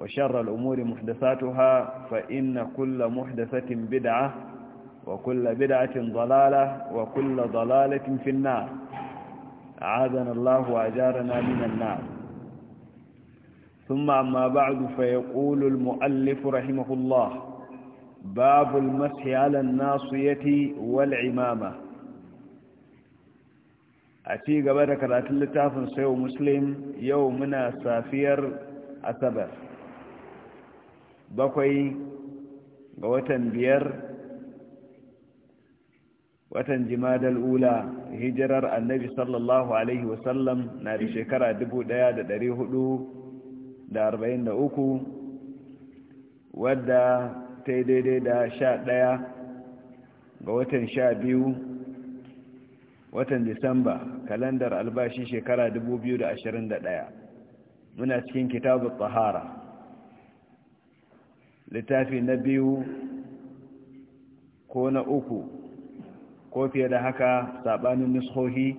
وشر الأمور محدثاتها فإن كل محدثة بدعة وكل بدعة ضلالة وكل ضلالة في النار أعاذنا الله وأجارنا من النار ثم أما بعد فيقول المؤلف رحمه الله باب المسح على الناصية والعمامة أتي قبل الأتلتاف سيو مسلم يومنا سافير أتبر bakwai ga watan biyar watan jimadal ula hijirar annabi sallallahu alaihi wasallam na da shekara uku wadda ta yi daidai da sha ɗaya ga watan sha biyu watan disamba kalandar albashi shekara ɗaya muna cikin kitabu tsahara littafi na biyu ko na uku ko fiye da haka saɓanin nishohi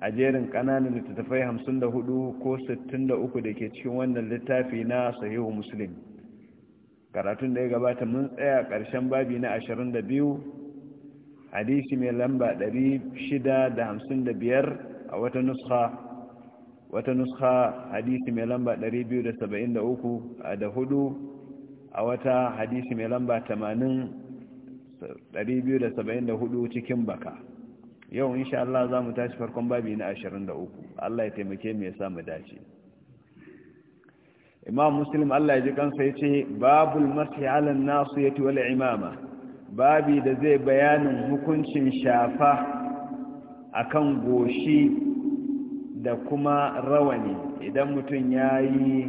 a jerin ƙananan littattafai 54 ko 63 da ke cikin wannan littafi na sahihu muslim karatun da ya gabata mun tsaya ƙarshen babi na 22 hadisi mai lamba 655 a wata nuskha wata nuska hadisi mai lamba 273 da hudu a wata hadisi mai lamba 80,274 cikin baka yau insha Allah za mu tashi farkon babi na 23 Allah ya taimake mai sa mu dace imam muslim Allah ya ji kansa ya ce babul masu halin nasu ya wal imama babi da zai bayanin hukuncin shafa akan goshi da kuma rawani idan mutum ya yi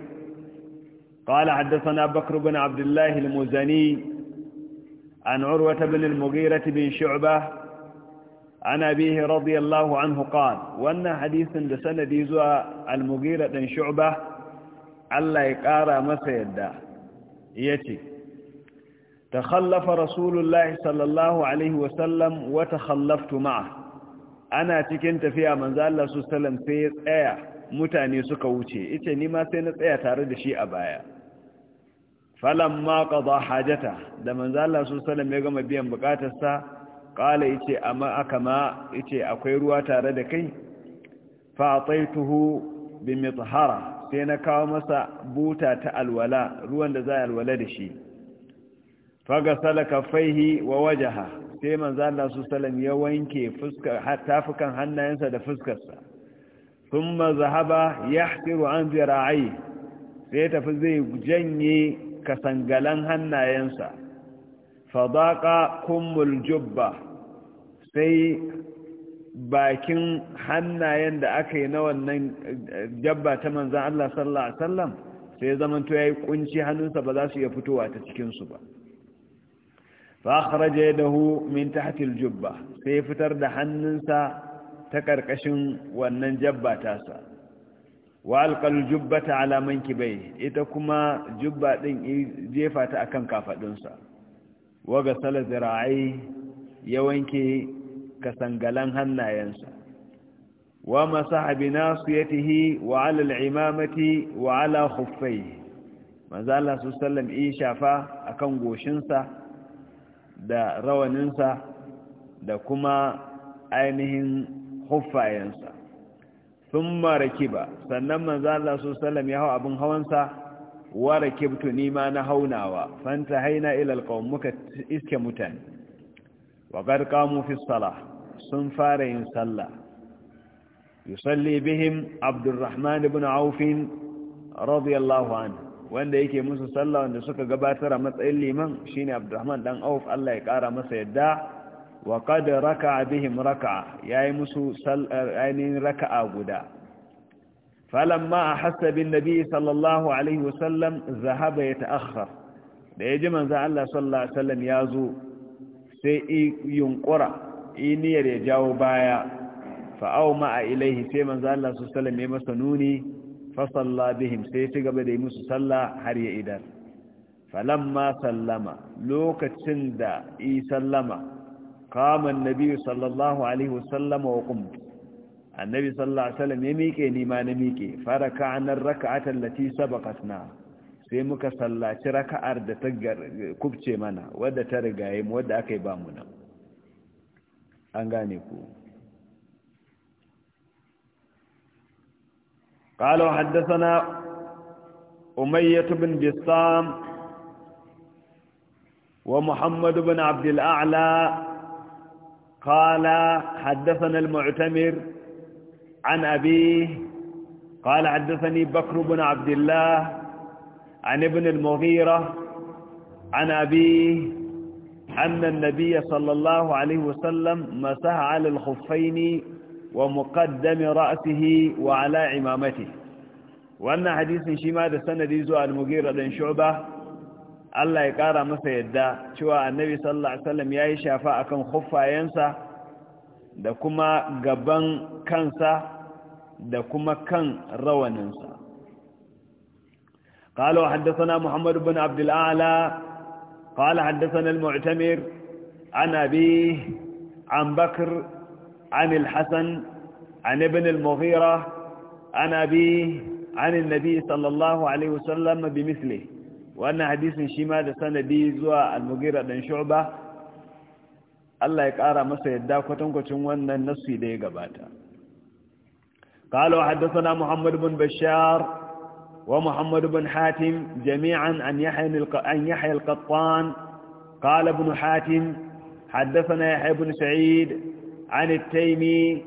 قال حدثنا بكر بن عبد الله المزني عن عروة بن المغيرة بن شعبة عن أبيه رضي الله عنه قال وأن حديث لسنة ديزوى المغيرة بن شعبة ألا يقارى مسيدا يتي تخلف رسول الله صلى الله عليه وسلم وتخلفت معه ana cikin tafiya manzo Allah su sallam sai ya tsaya mutane suka wuce ita ni ma sai na tsaya tare da shi a baya falamma qada hajata da manzo Allah sallallahu ya gama biyan bukatarsa qala yace amma akama ice akwai ruwa tare da kai fa tuhu bi sai na kawo masa buta ta alwala ruwan da za a alwala da shi faga salaka faihi wa wajaha sai manzo Allah sallallahu ya wanke tafukan hannayensa da fuskarsa ma zahaba yahtiru an zira'i sai tafi zai janye kasangalan hannayensa fadaka kummul jubba sai bakin hannayen da aka yi na wannan eh, jabba ta manzan Allah sallallahu Alaihi wasallam sai zamanto ya yayi kunci hannunsa ba za su iya fitowa ta cikin su ba al-jubba sai fitar da hannunsa ta karkashin wannan jabba ta sa wa alƙal jubbata alaman kibai ita kuma jubba ɗin jefa ta akan kafaɗinsa waga sala zira'ai ya wanke kasangalan hannayensa wa masaha bi nasiyatihi wa ala al'imamati wa ala khuffai manzo sallam iya shafa akan goshinsa da rawaninsa da kuma ainihin huffayensa sun maraki ba sannan Manzala Allah su salam ya hau abin hawansa wa rakibtu nima na haunawa fanta haina ilal qawm muka iske mutane wa qad qamu sun fara yin sallah yusalli bihim abdurrahman ibn auf radiyallahu anhu wanda yake musu sallah wanda suka gabatar a matsayin liman shine abdurrahman dan auf Allah ya kara masa yadda wa qad raka'a bihim raka'a yayi musu ainihin raka'a guda falamma ahassa bin nabi sallallahu alaihi wasallam zahaba yata'akhkhar da ji manzo Allah sallallahu alaihi wasallam zo sai yunkura iniyar ya jawo baya fa'au a ilaihi sai manzo Allah sallallahu alaihi wasallam ya masa nuni fasalla bihim sai ci gaba da yi musu sallah har ya idar falamma sallama lokacin da i sallama قام النبي صلى الله عليه وسلم وقمت النبي صلى الله عليه وسلم يميكي نما نميكي فركع عن الركعة التي سبقتنا سيمك صلى الله عليه وسلم ta kubce mana wadda ta rigaye mu wadda aka yi قالوا حدثنا أمية بن بسام ومحمد بن عبد الأعلى قال حدثنا المعتمر عن أبيه قال حدثني بكر بن عبد الله عن ابن المغيرة عن أبيه أن النبي صلى الله عليه وسلم مسح على الخفين ومقدم رأسه وعلى عمامته وأن حديث شماد السند يزوى المغيرة بن شعبة Allah ya ƙara masa yadda cewa annabi sallallahu alaihi wasallam yayi shafa akan khuffayensa da kuma gaban kansa da kuma kan rawaninsa قال وحدثنا محمد بن عبد الأعلى قال حدثنا المعتمر عن أبيه عن بكر عن الحسن عن ابن المغيرة عن أبيه عن النبي صلى الله عليه وسلم بمثله wannan hadisin shi ma da sanadi zuwa al-mughira dan shu'ba Allah ya kara masa yadda kwatankwacin wannan nasu da ya gabata قال وحدثنا محمد بن بشار ومحمد بن حاتم جميعا عن يحيى عن يحيى القطان قال ابن حاتم حدثنا يحيى بن سعيد عن التيمي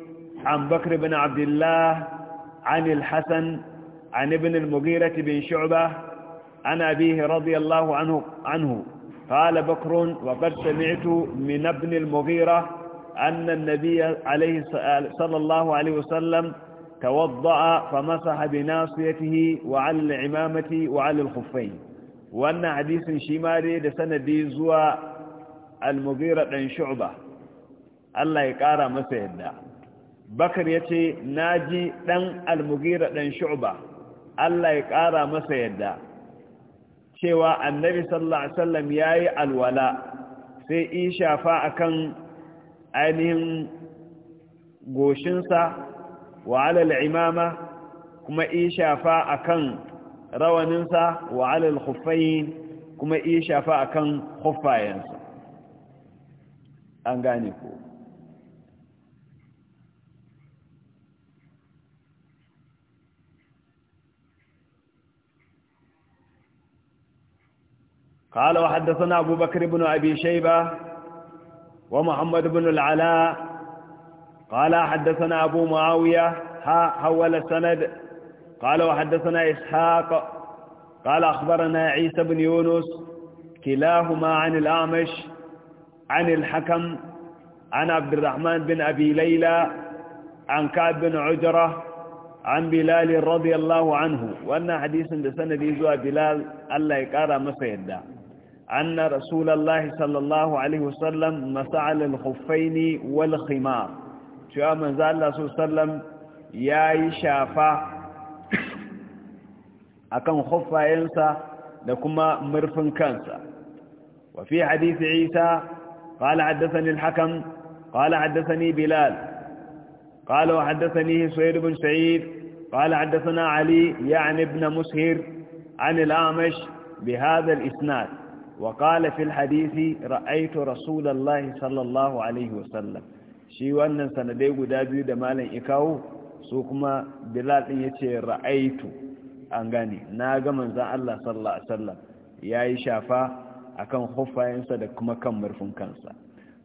عن بكر بن عبد الله عن الحسن عن ابن المغيرة بن شعبة عن أبيه رضي الله عنه, عنه قال بكر وقد سمعت من ابن المغيرة أن النبي عليه صلى الله عليه وسلم توضأ فمسح بناصيته وعلى العمامة وعلى الخفين وأن حديث شماري لسنة دي زوى المغيرة عن شعبة الله يقارى مسيدنا bakar ya ce na ji ɗan almugira ɗan shu'ba Allah ya ƙara masa yadda cewa annabi sallallahu alaihi wasallam yayi alwala sai in shafa akan ainihin goshinsa wa alal imama kuma in shafa akan rawaninsa wa alal khuffayn kuma in shafa akan khuffayensa an gane ku قال وحدثنا أبو بكر بن أبي شيبة ومحمد بن العلاء قال حدثنا أبو معاوية ها حول السند قال وحدثنا إسحاق قال أخبرنا عيسى بن يونس كلاهما عن الأعمش عن الحكم عن عبد الرحمن بن أبي ليلى عن كعب بن عجرة عن بلال رضي الله عنه وأن حديث بسند يزوى بلال الله يقارى مسيدا أن رسول الله صلى الله عليه وسلم مسع للخفين والخمار شو من ذا الله صلى الله عليه وسلم يا شافا أكم خفا ينسى لكما مرف كانسى وفي حديث عيسى قال حدثني الحكم قال حدثني بلال قال وحدثني سعيد بن سعيد قال حدثنا علي يعني ابن مسهر عن الأعمش بهذا الإسناد وقال في الحديث رأيت رسول الله صلى الله عليه وسلم shi wannan sanadai guda biyu da malam ikawo su kuma bilal din yace ra'aitu an gane na ga manzon Allah sallallahu alaihi wasallam yayi shafa akan huffayensa da kuma kan murfin kansa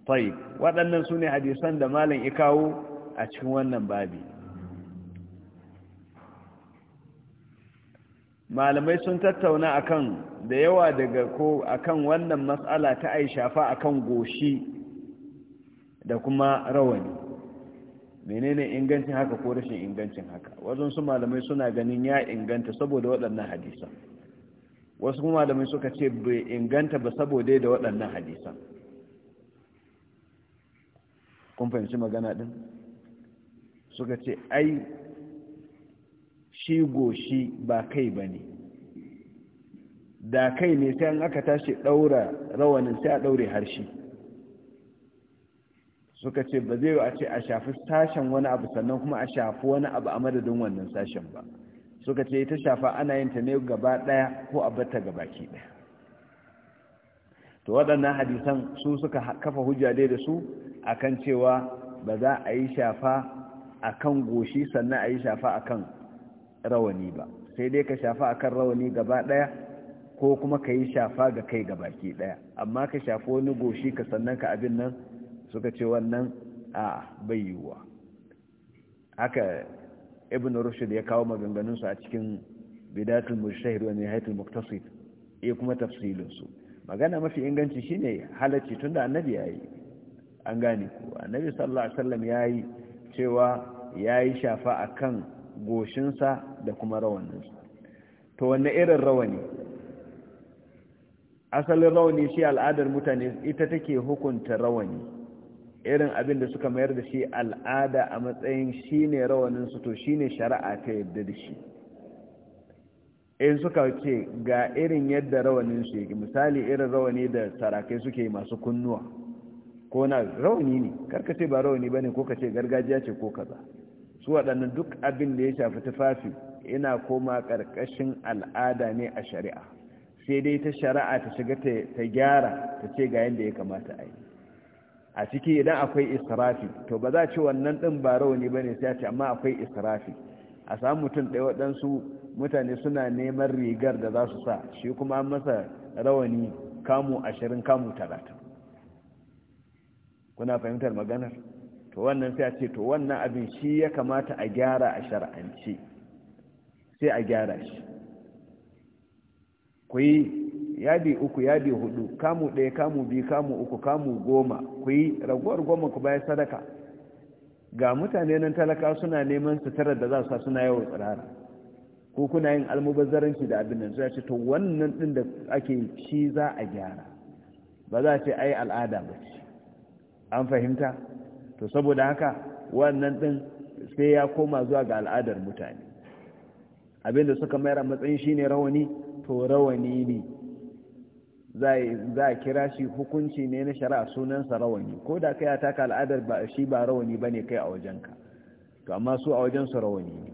tayyib waɗannan sune hadisan da malam ikawo a cikin wannan babi malamai sun tattauna akan da yawa daga ko akan wannan matsala ta ai shafa akan goshi da kuma rawani menene ingancin haka ko rashin ingancin haka wajen su malamai suna ganin ya inganta saboda waɗannan hadisa wasu kuma malamai suka ce bai inganta ba saboda da waɗannan hadisa. kun fahimci magana din suka ce ai shi goshi ba kai ba ne da kai ne sai an aka tashi ɗaura rawanin sai a ɗaure harshe suka ce ba zai a ce a shafi sashen wani abu sannan kuma a shafi wani abu a madadin wannan sashen ba suka ce ta shafa ana yin ta ne gaba ɗaya ko a batta gaba ki ɗaya to waɗannan hadisan su suka kafa hujja dai da su akan cewa ba za a yi shafa akan goshi sannan a yi shafa akan rawani ba sai dai ka shafa akan rawani gaba daya ko kuma ka yi shafa ga kai baki daya amma ka shafa wani goshi ka sannan ka abin nan suka ce wannan a bai yiwuwa haka ibn rushd ya kawo maganganunsu a cikin bidatul mujtahid wa nihayatul muqtasid ya kuma tafsilinsu magana mafi inganci shine halacci tunda annabi yayi an gane ku annabi sallallahu alaihi wasallam yayi cewa yayi shafa akan goshinsa da kuma rawaninsa to wanne irin rawani asalin rawani shi al'adar mutane ita take hukunta rawani irin abin da suka mayar da shi al'ada a matsayin shi ne rawaninsu to shi ne shari'a ta yadda da shi in suka ce ga irin yadda rawaninsu yake misali irin rawani da sarakai suke masu kunnuwa ko na rauni ne karkace ba rawani ba ne ko ka ce gargajiya ce ko kaza su waɗannan duk abin da ya shafi tufafi yana koma ƙarƙashin al'ada ne a shari'a sai dai ta shari'a ta shiga ta gyara ta ce ga yadda ya kamata a yi a ciki idan akwai israfi to ba za ce wannan ɗin ba rauni ba ne sai ce amma akwai israfi a samu mutum ɗaya waɗansu mutane suna neman rigar da za su sa shi kuma an masa rawani kamu ashirin kamu talatin kuna fahimtar maganar to wannan sai a ce to wannan abin shi ya kamata a gyara a shar'ance sai a gyara shi ku yi yadi uku yadi hudu kamu ɗaya kamu biyu kamu uku kamu goma ku yi raguwar goma ku bayan sadaka ga mutane nan talaka suna neman suturar da za su suna yawan tsirara ko kuna yin almubazzaranci da abin nan sai ce to wannan ɗin da ake shi za a gyara ba za a ce ai al'ada ba ce an fahimta to saboda haka wannan din sai ya koma zuwa ga al'adar mutane abinda suka mayar a matsayin ne rawani to rawani ne za a kira shi hukunci ne na shari'a sunansa rawani ko da kai ya taka al'adar ba shi ba rawani ba ne kai a wajenka to amma su a wajensu rawani ne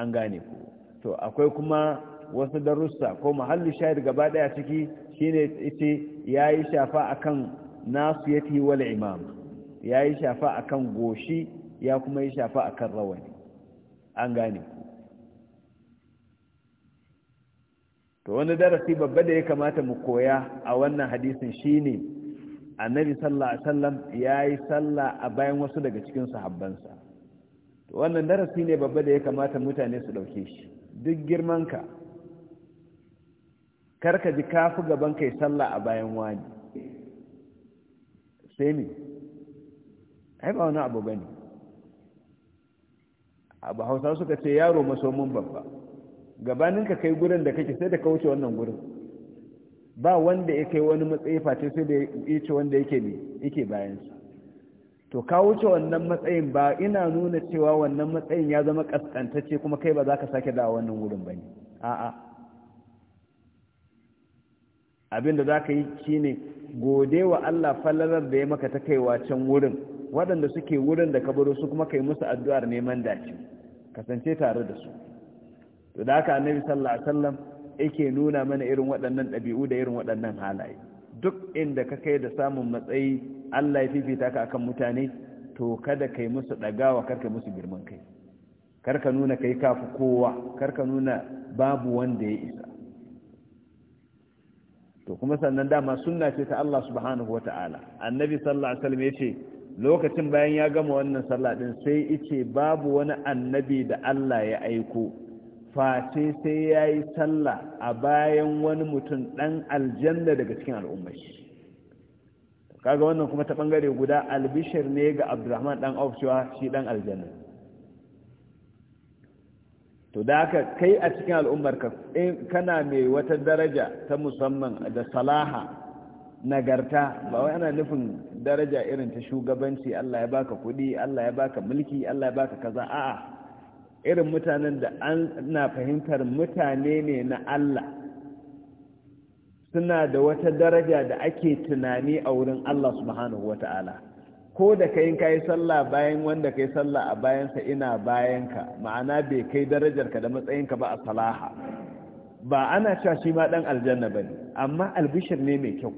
an gane ku to akwai kuma wasu darussa ko muhallu shahid gaba daya ciki shine ita yayi shafa akan nasu yati wal imama. ya yi shafa a kan goshi ya kuma yi shafa a kan rawani an gane to wani darasi babba da ya kamata mu koya a wannan hadisin shine annabi sallallahu alaihi wasallam ya yi sallah a bayan wasu daga cikin sahabbansa to wannan darasi ne babba da ya kamata mutane su ɗauke shi duk girmanka karka ji kafi gaban kai sallah a bayan wani sai ne ai ba wani abu bane abu hausa suka ce yaro masomin babba gabanin ka kai gurin da kake sai da ka wuce wannan gurin ba wanda ya kai wani matsayi face sai da ya ce wanda yake ne yake bayan su to ka wuce wannan matsayin ba ina nuna cewa wannan matsayin ya zama kaskantacce kuma kai ba za ka sake dawo wannan gurin ba ne a'a abin da za ka yi shine gode wa Allah falalar da ya maka ta kaiwa can wurin waɗanda suke wurin da kabaro su kuma kai musu addu'ar neman dace kasance tare da su to da haka annabi sallallahu alaihi wasallam yake nuna mana irin waɗannan ɗabi'u da irin waɗannan halaye duk inda ka kai da samun matsayi Allah ya fifita ka akan mutane to kada kai musu ɗagawa karka musu girman kai karka nuna kai kafi kowa karka nuna babu wanda ya isa to kuma sannan dama sunna ce ta Allah subhanahu wata'ala annabi sallallahu alaihi wasallam yace lokacin bayan ya gama wannan sallah din sai ice babu wani annabi da Allah ya aiko face sai ya yi sallah a bayan wani mutum ɗan aljanna daga cikin al'ummai kaga wannan kuma ta ɓangare guda albishir ne ga Abdulrahman ɗan auf cewa shi ɗan aljanna to da ka kai a cikin al'ummarka kana mai wata daraja ta musamman da salaha nagarta ba wai ana nufin daraja irin ta shugabanci Allah ya baka kuɗi Allah ya baka mulki Allah ya baka kaza a'a irin mutanen da an fahimtar mutane ne na Allah suna da wata daraja da ake tunani a wurin Allah subhanahu wata'ala ko da kai ka yi sallah bayan wanda ka yi sallah a bayansa ina bayanka ma'ana bai kai darajarka da matsayinka ba a salaha ba ana cewa shi ma ɗan aljanna ba ne amma albishir ne mai kyau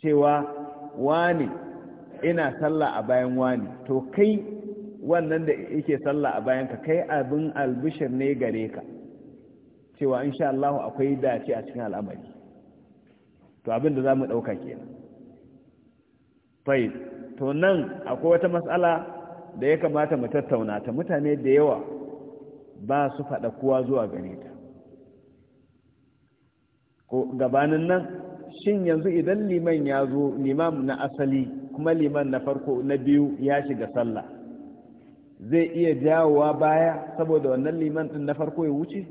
cewa wani ina sallah a bayan wani to kai wannan da yake sallah a bayan ka kai abin albishir ne gare ka cewa insha Allah akwai dace a cikin al'amari to abin da zamu dauka kenan fai to nan akwai wata matsala da ya kamata mu tattauna ta mutane da yawa ba su faɗa kowa zuwa gare ta gabanin nan shin yanzu idan liman ya zo limam na asali kuma liman na farko na biyu ya shiga sallah zai iya jawowa baya saboda wannan liman ɗin na farko ya wuce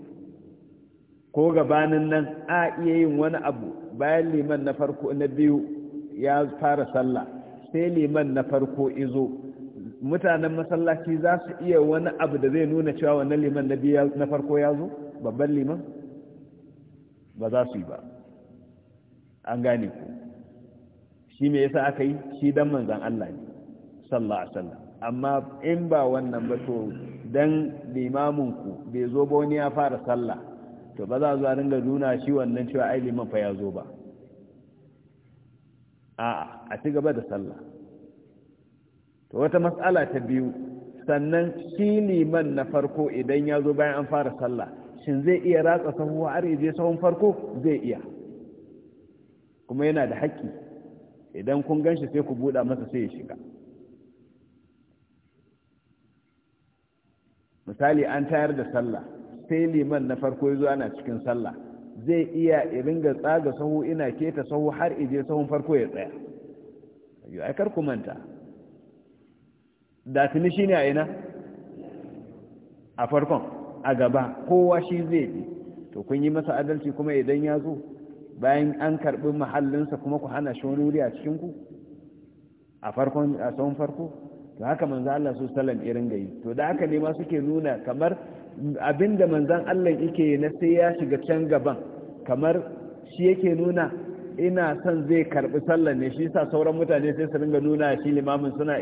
ko gabanin nan a iya yin wani abu bayan liman na farko na biyu ya fara sallah sai liman na farko izo mutanen masallaci za su iya wani abu da zai nuna cewa wannan liman na biyu na farko ya zo babban liman ba za su yi ba an gane ku shi me yasa aka yi shi dan manzan Allah ne sallallahu alaihi wasallam amma in ba wannan ba to dan limamin ku bai zo ba wani ya fara sallah to ba za zuwa dinga nuna shi wannan cewa ai liman fa ya zo ba a a ci gaba da sallah to wata mas'ala ta biyu sannan shi liman na farko idan ya zo bayan an fara sallah shin zai iya ratsa sahu har ya je sahun farko zai iya kuma yana da haƙƙi idan kun gan shi sai ku buɗa masa sai ya shiga misali an tayar da sallah sai liman na farko ya zo ana cikin sallah zai iya ringa tsaga sahu ina keta sahu har ije sahun farko ya tsaya kar ku manta da tuni shi ne a ina a farkon a gaba kowa shi zai bi to kun yi masa adalci kuma idan ya zo bayan an karɓi mahallinsa kuma ku hana shi wani wuri a cikinku a farkon a tsawon farko to haka manzan Allah su salam irin gayi to da haka ne ma suke nuna kamar abinda manzan Allah yake na sai ya shiga can gaban kamar shi yake nuna ina son zai karɓi sallar ne shi yasa sauran mutane sai su ringa nuna shi limamin suna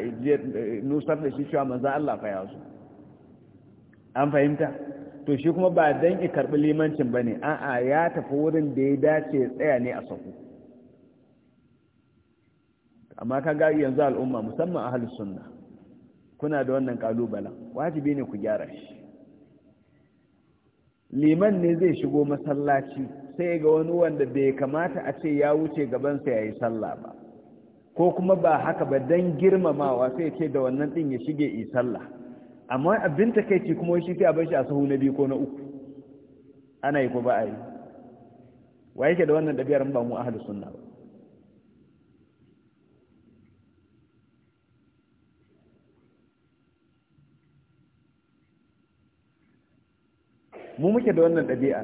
nusar da shi cewa manzan Allah fa ya an fahimta to shi kuma ba dan ki karbi limancin ne. a'a ya tafi wurin da ya dace tsaya ne a sahu amma ka ga yanzu al'umma musamman ahlus sunna kuna da wannan kalubala wajibi ne ku gyara shi liman ne zai shigo masallaci sai ga wani wanda bai kamata a ce ya wuce gabansa ya yi sallah ba ko kuma ba haka ba don girmamawa sai ce da wannan ɗin ya shige yi sallah amma abin takaici kuma shi sai a bar shi a sahu na biyu ko na uku ana yi ko ba a yi wa yake da wannan ɗabi'ar ba mu ahalus sunna ba mu muke da wannan ɗabi'a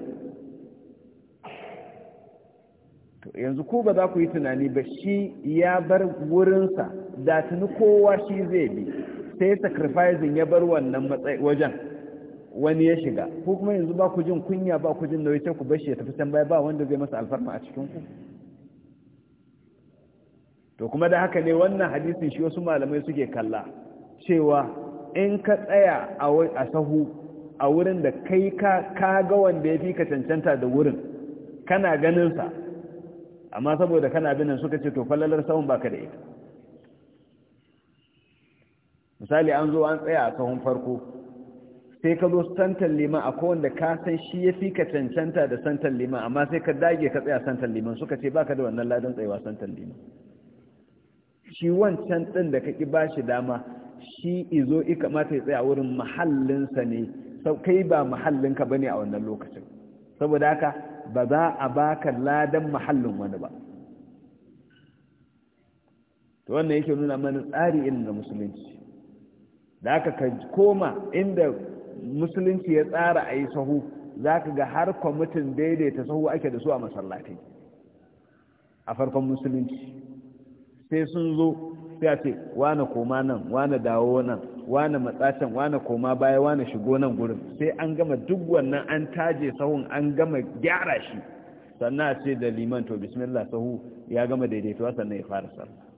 to yanzu ko ba za ku yi tunani ba shi ya bar wurinsa da tuni kowa shi zai bi sai sacrificing ya bar wannan matsayi wajen wani ya shiga ko kuma yanzu ba ku jin kunya ba ku jin nauyi ku bashi ya tafi can baya ba wanda zai masa alfarma a cikin ku to kuma da haka ne wannan hadisin shi wasu malamai suke kalla cewa in ka tsaya a sahu a wurin da kai ka ga wanda ya fi ka cancanta da wurin kana ganinsa amma saboda kana binan suka ce to fallalar sahun baka da ita misali an zo an tsaya a sahun farko sai ka zo santan liman a kowanda ka san shi ya fi ka cancanta da santan liman amma sai ka dage ka tsaya santan liman suka ce baka da wannan ladan tsayawa santan liman shi wancan ɗin da kaki ba shi dama shi izo i kamata ya tsaya wurin mahallinsa ne kai ba mahallinka ba ne a wannan lokacin saboda haka ba za a baka ladan mahallin wani ba to wannan yake nuna mana tsari irin na musulunci da aka ka koma inda musulunci ya tsara a yi sahu za ka ga har kwamitin daidaita sahu ake da su a masallatai a farkon musulunci sai sun zo sai a ce wane koma nan wane dawo nan wane matsacin wane koma baya wane shigo nan gurin sai an gama duk wannan an taje sahun an gama gyara shi sannan a ce da liman to bismillah sahu ya gama daidaituwa sannan ya fara sallah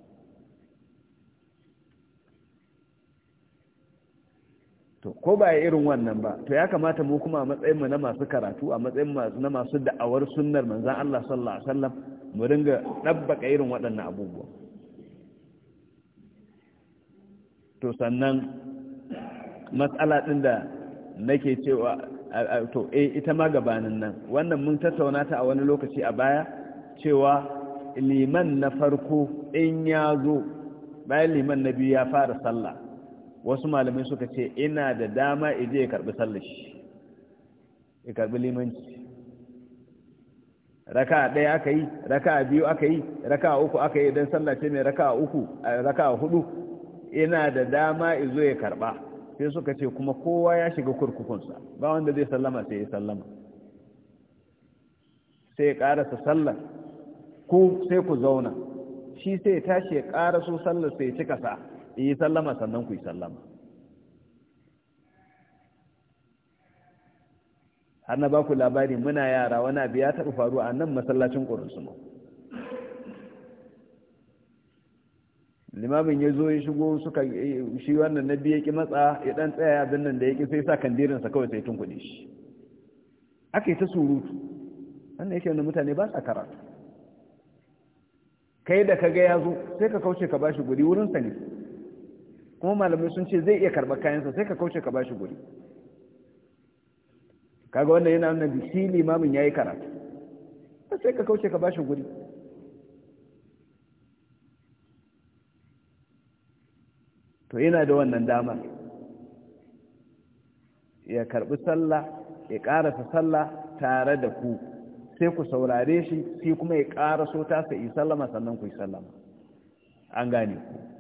to ko ba ya irin wannan ba to ya kamata mu kuma a matsayin mu na masu karatu a matsayin na masu da'awar sunnar manzon Allah sallallahu alaihi wasallam mu dinga dabbaka irin waɗannan abubuwa to sannan matsala din da nake cewa to eh ita ma gabanin nan wannan mun tattauna ta a wani lokaci a baya cewa liman na farko in ya zo bayan liman na biyu ya fara sallah wasu malamai suka ce ina da dama ije ya karbi sallashi ya karbi limanci raka ɗaya aka yi raka biyu aka yi raka uku aka yi don sallace mai raka uku raka hudu ina da dama izo ya karba sai suka ce kuma kowa ya shiga kurkukunsa ba wanda zai sallama sai ya sallama sai ya ƙarasa sallar ku sai ku zauna shi sai ya tashi ya ƙaraso sallar sai ya cika sa yi sallama sannan ku yi sallama har na ba ku labari muna yara wani abu ya taɓa faru a nan masallacin ƙorinsu limamin ya zo ya shigo suka shi wannan na biya ki matsa ya ɗan tsaya abin nan da ya ƙi, sai sa kandirinsa kawai sai tun kuɗi shi aka yi ta surutu An yake wani mutane ba sa karatu kai da ka ga ya zo sai ka kauce ka bashi guri wurin sa ne kuma malamai sun ce zai iya karɓar kayansa sai ka kauce ka bashi guri kaga wannan yana nuna bisi limamin yi karatu sai ka kauce ka bashi guri to yana da wannan damar ya karɓi sallah ya karasa sallah tare da ku sai ku saurare shi sai kuma ya karaso ta sai yi sallama sannan ku yi sallama an gane ku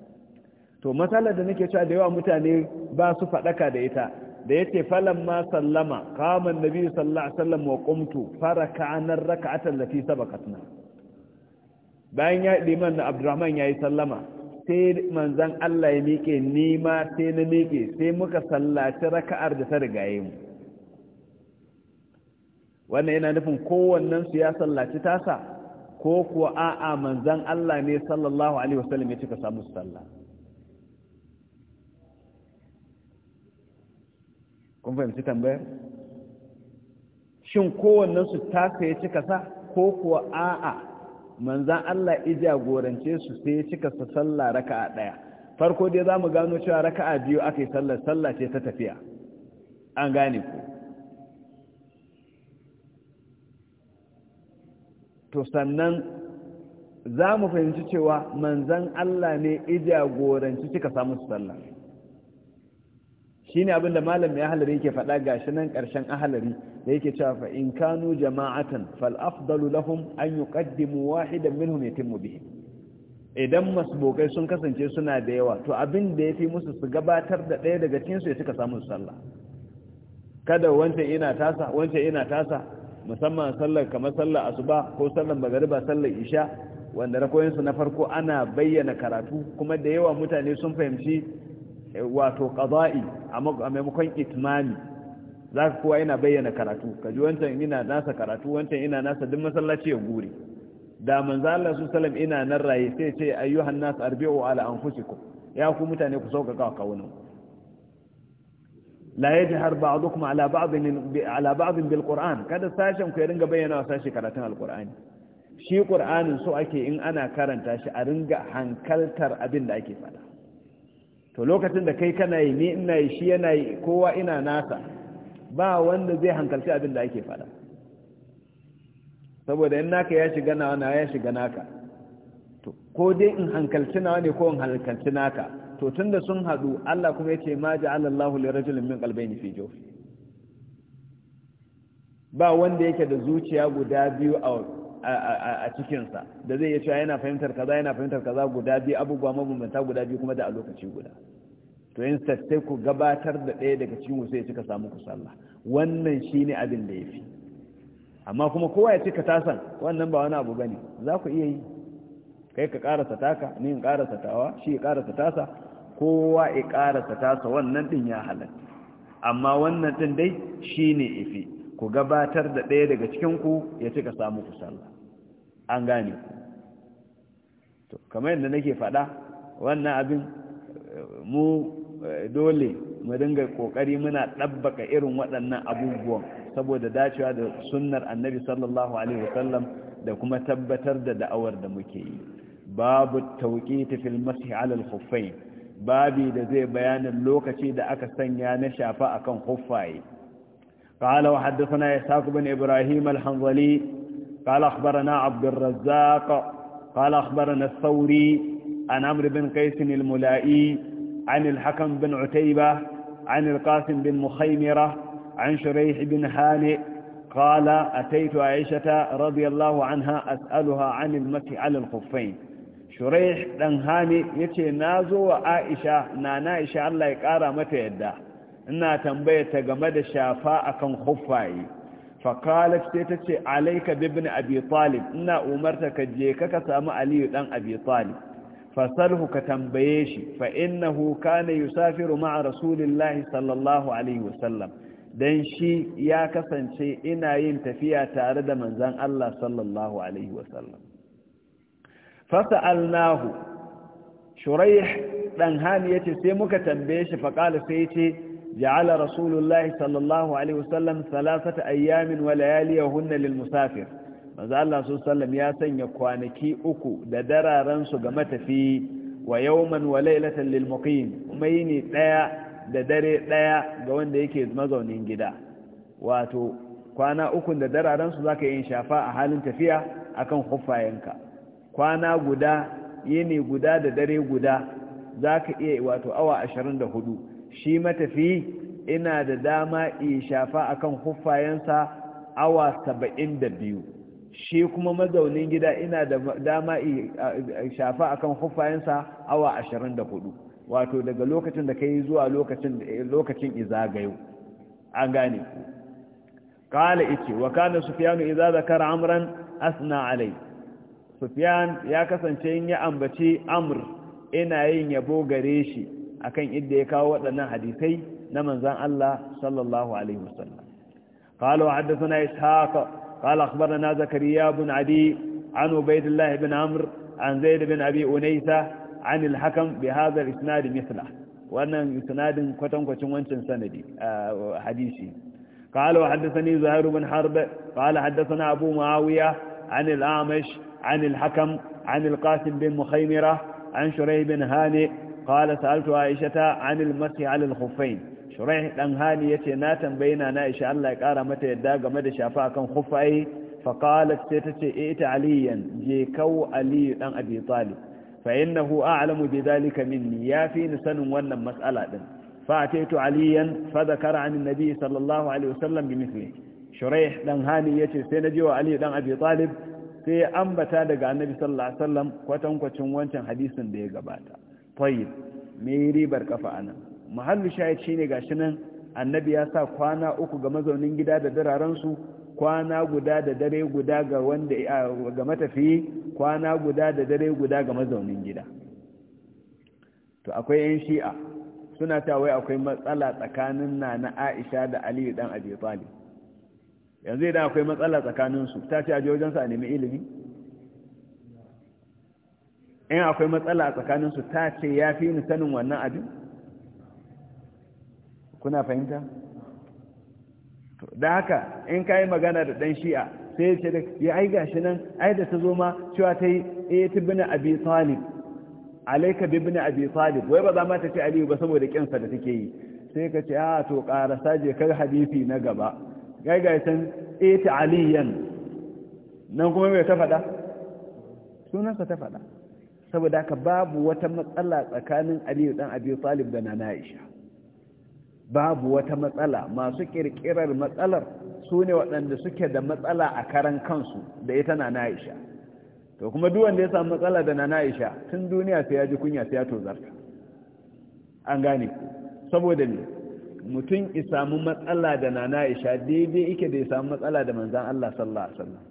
to matsalar da nake cewa da yawa mutane ba su faɗaka da ita da yace falan ma sallama kama annabi sallallahu alaihi wasallam wa qumtu faraka'ana rak'atan lati sabaqatna bayan ya liman da abdurrahman yayi sallama sai manzan Allah ya miƙe ni ma sai na miƙe sai muka sallaci raka'ar da ta rigaye mu wannan yana nufin kowannen su ya sallaci tasa ko kuwa a'a manzan Allah ne sallallahu alaihi wasallam ya cika samu sallah kun fahimci tambayar shin kowannensu taka ya cika sa ko kuwa a'a manzan Allah ija gorance su sai ya cika sa sallah raka'a ɗaya farko dai za mu gano cewa raka'a biyu aka yi sallar sallah ce ta tafiya an gane ku to sannan za mu fahimci cewa manzan Allah ne ija gorance cika samun sallah shine abin da malam mai ahalari yake faɗa gashi nan ƙarshen ahalari da yake cewa fa in kanu jama'atan fal afdalu lahum an yuqaddimu wahidan minhum yatimmu bihi idan masbokai sun kasance suna da yawa to abin da fi musu su gabatar da ɗaya daga cikin su ya cika samun sallah kada wancan ina tasa ina tasa musamman sallar kamar sallar asuba ko sallar magariba sallar isha wanda rakoyinsu na farko ana bayyana karatu kuma da yawa mutane sun fahimci wato qada'i a maimakon itmami za ka kowa yana bayyana karatu ka ji wancan ina nasa karatu wancan ina nasa duk masallaci ya gure da manzo Allah su sallam ina nan raye sai ce ayyuhan nas arbi'u ala anfusikum ya ku mutane ku sauƙaƙa kawunan la yajhar ba'dukum ala ba'din ala ba'din bil qur'an kada sashen ku ya ringa bayyana sashi karatun Al'ƙur'ani. shi qur'anin so ake in ana karanta shi a ringa hankaltar abin da ake faɗa to lokacin da kai kana yi ni ina yi shi yana yi kowa ina nasa ba wanda zai hankalci abin da ake fada saboda in naka ya shiga nawa na ya shiga naka to ko dai in hankalci nawa ne ko in hankalci naka to tunda sun hadu Allah kuma yace ma ji allallahu li rajulin min ni fi jo. ba wanda yake da zuciya guda biyu a a cikinsa da zai iya cewa yana fahimtar kaza yana fahimtar kaza guda biyu abubuwa mabambanta guda biyu kuma da a lokaci guda to yin sai ku gabatar da ɗaya daga cikin sai ya cika samu ku sallah wannan shine abin da ya fi amma kuma kowa ya cika tasan wannan ba wani abu bane za ku iya yi kai ka karasa taka ni in karasa tawa shi ya karasa tasa kowa ya karasa tasa wannan din ya halatta amma wannan din dai shine ifi ku gabatar da ɗaya daga cikin ku ya cika samu ku sallah an gane ku to kamar yadda nake faɗa wannan abin eh, mu eh, dole mu dinga kokari muna ɗabbaka irin waɗannan abubuwan saboda dacewa da sunnar annabi sallallahu alaihi wasallam da kuma tabbatar da da'awar da muke yi babu tauqiti fil masih ala babi da zai bayanin lokaci da aka sanya na shafa akan Huffaye. qala wa na ishaq ibn ibrahim al قال أخبرنا عبد الرزاق قال أخبرنا الثوري عن عمرو بن قيس الملائي عن الحكم بن عتيبة عن القاسم بن مخيمرة عن شريح بن هانئ قال أتيت عائشة رضي الله عنها أسألها عن المسح على الخفين شريح بن هاني يتي نازو وعائشة نانا عائشة الله يقارى متى يدا إنها تنبيت قمد الشافاء كان خفائي faƙalar sai ta ce alaika bibin abi ina umarta ka je ka ka samu aliyu ɗan abitalib Fasalhu fasarhu ka tambaye shi fa innahu kana yusafiru ma'a rasulillahi sallallahu alaihi wasallam dan shi ya kasance ina yin tafiya tare da manzan Allah sallallahu alaihi wasallam fasa'alnahu shuraih dan hani yace sai muka tambaye shi faƙala sai yace ja'ala rasulullahi sallallahu alaihi wasallam salasata ayyamin wa layaliyahunna lil musafir manzo Allah ya sanya kwanaki uku da dararan ga matafi wa yawman wa laylatan lil kuma yini daya da dare daya ga wanda yake mazaunin gida wato kwana uku da dararan su zaka yin shafa a halin tafiya akan hufayenka kwana guda yini guda da dare guda zaka iya wato awa shi matafi ina da dama iya shafa akan huffayensa awa saba'in da biyu shi kuma mazaunin gida ina da dama shafa kan huffayensa awa ashirin da hudu wato daga lokacin da ka yi zuwa lokacin izagayo an gane ku kala ice wa kana sufiyanu kara zakara amran asna alai sufiyan ya kasance yin ya ambaci amr ina yin yabo gare shi akan idda ya kawo waɗannan hadisai na manzan Allah sallallahu alaihi wasallam قالوا حدثنا إسحاق قال أخبرنا زكريا بن عدي عن عبيد الله بن عمرو عن زيد بن أبي أنيسة عن الحكم بهذا الإسناد مثله وأن إسناد كتن كتن وانشن سندي حديثي قالوا حدثني زهير بن حرب قال حدثنا أبو معاوية عن الآمش عن الحكم عن القاسم بن مخيمرة عن شريح بن هانئ qala sa'altu aishata anil masi ala khuffain dan hani yace na tambayina na aisha Allah ya kara mata yadda game da shafa akan khuffaye fa qalat sai tace ita aliyan je kau ali dan abi talib fa innahu a'lamu bi dhalika minni ya fi ni sanin wannan mas'ala din fa ataitu aliyan fa dhakara an an-nabi sallallahu alaihi wasallam bimithlihi shuraih dan hani yace sai na je wa ali dan abi talib sai ambata daga annabi sallallahu alaihi wasallam kwatankwacin wancan hadisin da ya gabata tayyib me ribar kafa anan muhallu shahid shine gashi nan annabi ya sa kwana uku ga mazaunin gida da dararen su kwana guda da dare guda ga wanda ga matafiyi kwana guda da dare guda ga mazaunin gida to akwai yan shi'a suna ta wai akwai matsala tsakanin na na Aisha da Aliyu dan Abi Talib yanzu idan akwai matsala tsakanin su ta ce wajen wajensa a nemi ilimi in akwai matsala a tsakaninsu ta ce ya fi ni sanin wannan abin kuna fahimta da haka in ka yi magana da ɗan shi'a sai ce da ya ai gashi nan ai da ta zo ma cewa ta yi eh ta bina abi talib alaika bi bina abi talib wai ba za ma ta ce aliyu ba saboda kinsa da take yi sai ka ce a to karasa je kar hadisi na gaba gai ga san eh ta aliyan nan kuma mai ta faɗa sunansa ta faɗa saboda haka babu wata matsala tsakanin aliyu dan abi talib da nana aisha babu wata matsala masu kirkirar matsalar su ne waɗanda suke da matsala a karan kansu da ita nana aisha to kuma duk wanda ya samu matsala da nana aisha tun duniya sai ya ji kunya sai ya tozarta an gane saboda ne mutum ya samu matsala da nana aisha daidai yake da ya samu matsala da manzon Allah sallallahu alaihi wasallam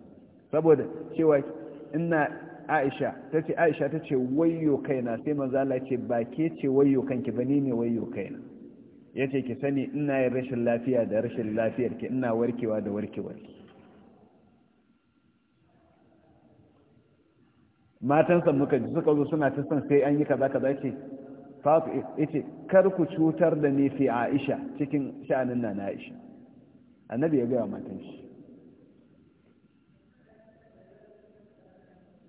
saboda cewa ina aisha ta ce aisha ta ce wayo kaina sai manzo Allah ce ba ke ce wayo kanki ba ni ne wayo kaina ya ce ki sani ina yin rashin lafiya da rashin lafiyar ki ina warkewa da warkewar ki matan san muka ji suka zo suna ta san sai an yi kaza kaza ce fatu yace kar ku cutar da ni fi aisha cikin sha'anin na aisha annabi ya gaya matan shi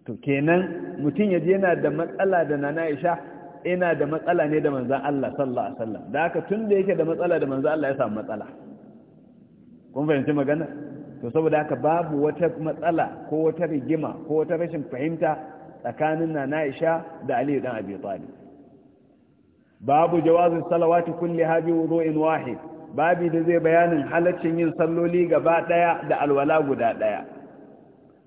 to kenan mutum yaji yana da matsala da nana isha ina da matsala ne da manzan Allah sallallahu alaihi wasallam da haka tun da yake da matsala da manzan Allah ya samu matsala kun fahimci magana to saboda haka babu wata matsala ko wata rigima ko wata rashin fahimta tsakanin nana isha da Ali dan Abi Talib babu jawazin salawati kulliha bi wudu'in wahid babi da zai bayanin halaccin yin salloli gaba daya da alwala guda daya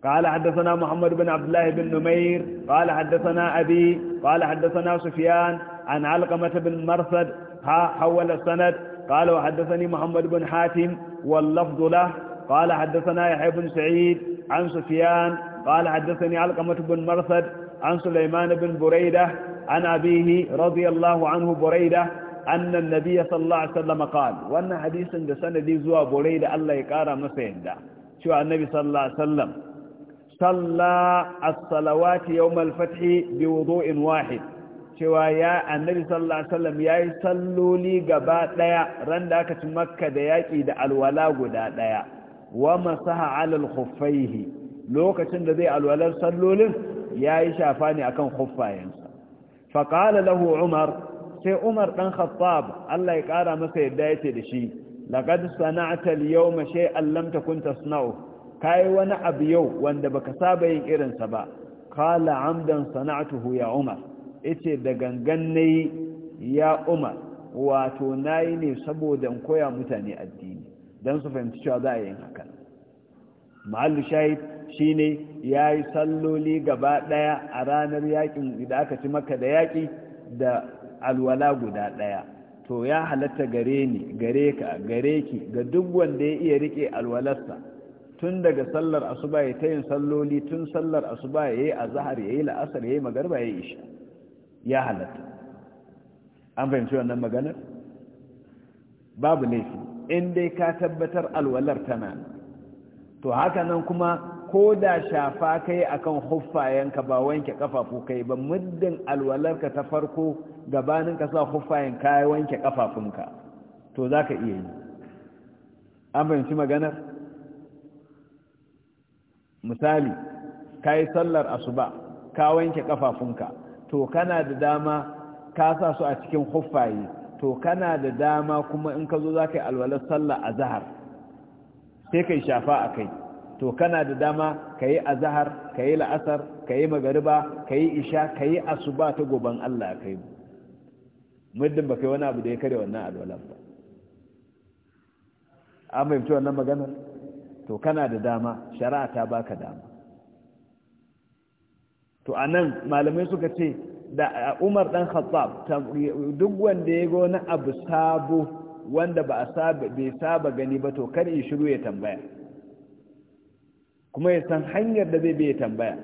قال حدثنا محمد بن عبد الله بن نمير قال حدثنا أبي قال حدثنا سفيان عن علقمة بن مرثد حول السند قال وحدثني محمد بن حاتم واللفظ له قال حدثنا يحيى بن سعيد عن سفيان قال حدثني علقمة بن مرثد عن سليمان بن بريدة عن أبيه رضي الله عنه بريدة أن النبي صلى الله عليه وسلم قال وأن حديث دسند زوى بريدة الله يقارى مسيدا شو النبي صلى الله عليه وسلم salla as-salawati yawm al-fath bi wudu'in wahid cewa ya annabi sallallahu alaihi wasallam yayi salloli gaba daya ran da aka ci makka da yaki da alwala guda daya wa masaha ala al lokacin da zai alwalar sallolin yayi shafa ne akan khuffayensa fa qala lahu umar sai umar dan khattab Allah ya kara masa yadda yace da shi laqad sana'ta al-yawma shay'an lam takun tasna'u kai wani abu yau wanda baka saba yin irinsa ba qala amdan sana'tuhu ya umar yace da gangan nayi ya umar wato nayi ne saboda koya mutane addini Don su fahimci cewa za a yi haka mahallu shahid shine yayi salloli gaba daya a ranar yakin da aka ci maka da yaki da alwala guda daya to ya halatta gare ni gare ka gare ki ga duk wanda ya iya rike alwalarsa tun daga sallar asuba ya yin salloli tun sallar asuba ya yi zahar ya yi la'asar ya yi magarba ya yi isha ya halatta an fahimci wannan maganar babu laifi in dai ka tabbatar alwalar tana to haka nan kuma ko da shafa kai akan ka ba wanke kafafu kai ba muddin alwalarka ta farko gabanin ka sa huffayen ka wanke kafafunka to za ka iya yi an fahimci maganar misali ka yi sallar asuba ka wanke kafafunka to kana da dama ka sa su a cikin huffaye to kana da dama kuma in ka zo za ka yi alwalar sallar a zahar sai ka yi shafa a kai to kana da dama ka yi a zahar ka yi la'asar ka yi magariba ka yi isha ka yi asuba ta goban allah kai mu muddin ba kai wani abu da ya kare wannan alwalar ba an fahimci wannan maganar to kana da dama shari'a ta baka dama to anan malamai suka ce da Umar dan Khattab duk wanda ya go na abu sabu wanda ba a bai saba gani ba to kar in shiru ya tambaya kuma ya san hanyar da zai bi ya tambaya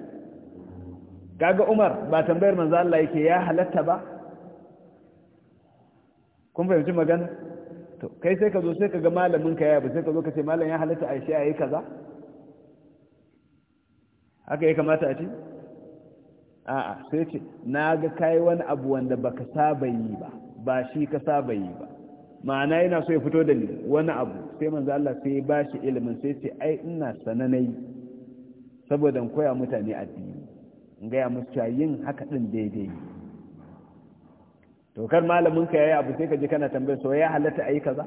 kaga Umar ba tambayar manzo Allah yake ya halatta ba kun fahimci magana to kai sai ka zo sai ka ga malamin ka ya ba sai ka zo ka ce malam ya halatta a shi a kaza haka ya kamata a ce a'a sai ce na ga kai wani abu wanda baka saba yi ba ba shi ka saba yi ba ma'ana yana so ya fito da ni wani abu sai manzo Allah sai ba shi ilimin sai ce ai ina sananai saboda in koya mutane addini in ga ya musu yin haka din daidai to kan malamin ka yayi abu sai ka ji kana tambaye so ya halatta ayi kaza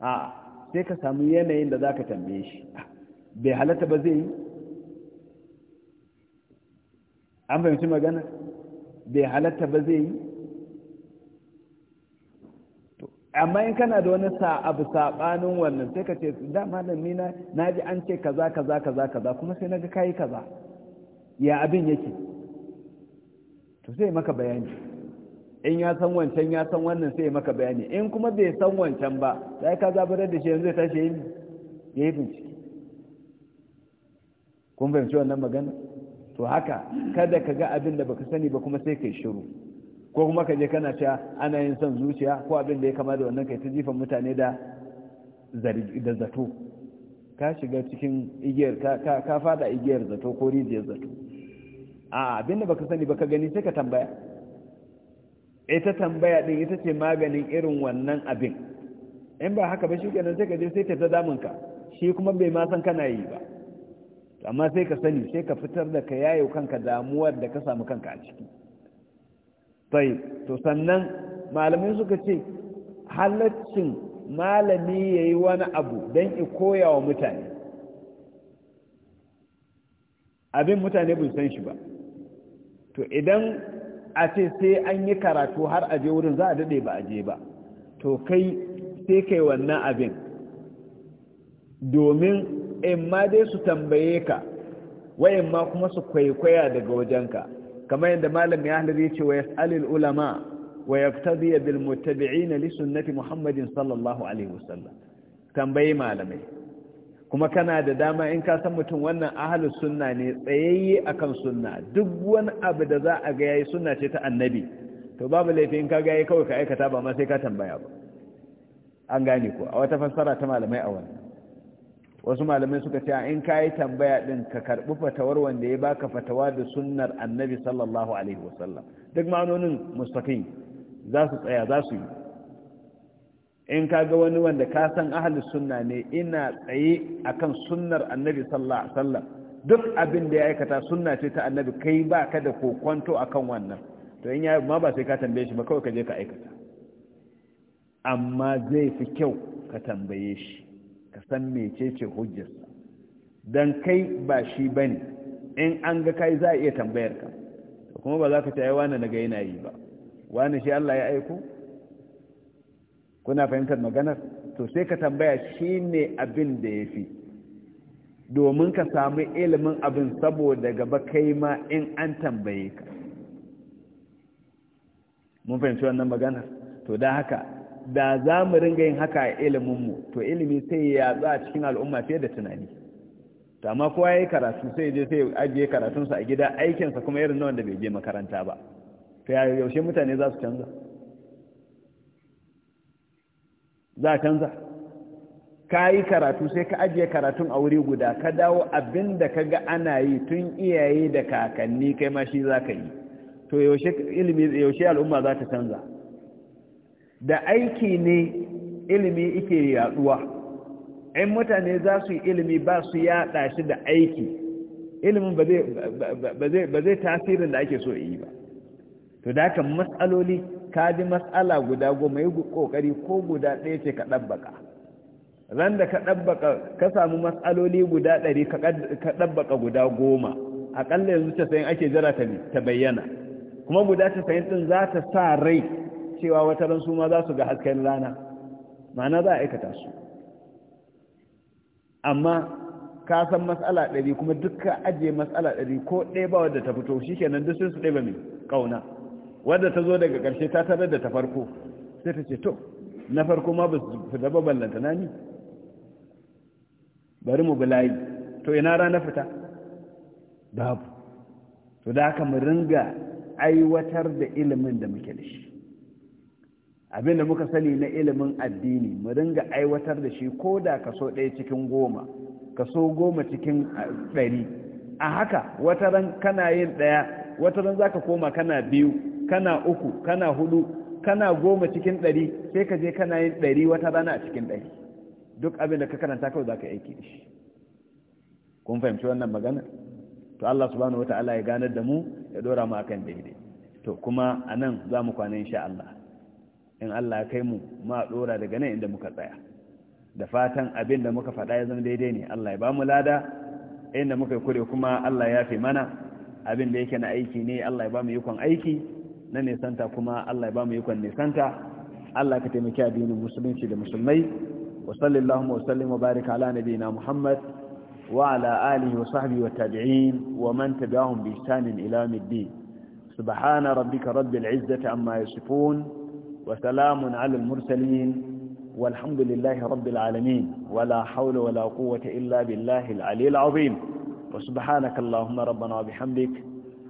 a sai ka samu yanayin da zaka tambaye shi bai halatta ba zai yi an fahimci magana bai halatta ba zai yi amma in kana da wani abu sabanin wannan sai ka ce da malami na naji an ce kaza kaza kaza kaza kuma sai naga kai kaza ya abin yake to sai maka bayani in ya san wancan ya san wannan sai maka bayani in kuma bai san wancan ba sai ka zabarar da shi yanzu ya tashi ya yi bincike kun fahimci wannan magana to haka kada ka ga abin da baka sani ba kuma sai kai shiru ko kuma ka je kana cewa ana yin son zuciya ko abin da ya kama da wannan kai ta jifan mutane da da zato ka shiga cikin igiyar ka fada igiyar zato ko rijiyar zato a abin da baka sani baka gani sai ka tambaya ita tambaya din ita ce maganin irin wannan abin in ba haka ba shi kenan sai ka je sai ta ta damunka shi kuma bai ma san kana yi ba amma sai ka sani sai ka fitar da ka yayo kanka damuwar da ka samu kanka a ciki sai to sannan malamai suka ce halaccin malami ya yi wani abu don i koya wa mutane abin mutane bai san shi ba to idan a ce sai an yi karatu har aje wurin za a daɗe ba aje ba to kai sai kai wannan abin domin in ma dai su tambaye ka wayan ma kuma su kwaikwaya daga wajenka kamar yadda malam ya halar ya ce wa yas'alil ulama wa yaqtadi bil muttabi'in li sunnati muhammadin sallallahu alaihi wasallam tambaye malamai kuma kana da dama in ka san mutum wannan ahalu sunna ne tsayayye akan sunna duk wani abu da za a ga yayi sunna ce ta annabi to babu laifi in ka ga yayi kawai ka aikata ba ma sai ka tambaya ba an gane ko a wata fassara ta malamai a wannan wasu malamai suka ce in ka yi tambaya din ka karbi fatawar wanda ya baka fatawa da sunnar annabi sallallahu alaihi wasallam duk ma'anonin mustaqim za su tsaya za su yi in ka ga wani wanda ka san ahli sunna ne ina tsaye akan sunnar annabi sallallahu alaihi wasallam duk abin da ya aikata sunna ce ta annabi kai ba ka da kokonto akan wannan to in yayi ma ba sai ka tambaye shi ba kawai ka je ka aikata amma zai fi kyau ka tambaye shi ka san mecece hujjarsa dan kai ba shi bane in an ga kai za a iya tambayar ka kuma ba za ka ta yi wani na ga yana yi ba wani shi Allah ya aiko kuna fahimtar maganar to sai ka tambaya shi ne abin da ya fi domin ka samu ilimin abin saboda gaba kai ma in an tambaye ka mun fahimci wannan maganar to da haka da za mu ringa yin haka a iliminmu to ilimi sai ya za a cikin al'umma fiye da tunani to amma kowa ya yi karatu sai je sai ajiye karatunsa a gida aikinsa kuma irin na wanda bai je makaranta ba to yaushe mutane za su canza za a canza ka yi karatu sai ka ajiye karatun a wuri guda ka dawo abin da ka ga ana yi tun iyaye da kakanni kai ma shi za ka yi to yaushe al'umma za ta canza da aiki ne ilimi ike yaduwa in mutane za su yi ilimi ba su yada shi da aiki ilimin ba zai tasirin da ake so yi ba to da haka matsaloli ka ji matsala guda goma yi kokari ko guda ɗaya ce ka ɗabbaka ran da ka ɗabbaka ka samu matsaloli guda ɗari ka ɗabbaka guda goma aƙalla yanzu sayin ake jira ta bayyana kuma guda ta casa'in ɗin za ta sa rai cewa wata ran su ma za su ga hasken rana ma'ana za a aikata su amma ka san matsala ɗari kuma duk ka ajiye matsala ɗari ko ɗaya ba wadda ta fito shi kenan duk sun su ɗaya ba mai ƙauna wadda ta zo daga ƙarshe ta tarar da ta farko sai ta ce to na farko ma ba su fita ballanta na ni bari mu bulayi to ina rana fita babu to da haka mu ringa aiwatar da ilimin da muke da shi abin da muka sani na ilimin addini mu ringa aiwatar da shi ko da kaso ɗaya cikin goma kaso goma cikin ɗari a haka wataran kana yin ɗaya wataran za ka koma kana biyu kana uku kana hudu kana goma cikin ɗari sai ka je kana yin ɗari wata rana a cikin ɗari duk abin da ka karanta kawai za ka aiki da shi kun fahimci wannan magana to Allah subhanahu ta'ala ya ganar da mu ya dora mu akan daidai to kuma a nan za mu kwana insha Allah in Allah ya kai mu ma dora daga nan inda muka tsaya da fatan abin da muka faɗa ya zama daidai ne Allah ya ba mu lada inda muka yi kure kuma Allah ya fi mana abin da yake na aiki ne Allah ya ba mu aiki na nisanta kuma Allah ya ba mu ikon nisanta Allah ka taimaki addinin musulunci da musulmai wa sallallahu wa sallim wa barika ala nabiyina Muhammad wa ala alihi wa sahbihi wa tabi'in wa man tabi'ahum bi ihsanin ila yawmiddin subhana rabbika rabbil izzati amma yasifun wa salamun ala al mursalin والحمد wala رب العالمين ولا حول ولا قوة إلا بالله wa العظيم وسبحانك اللهم ربنا وبحمدك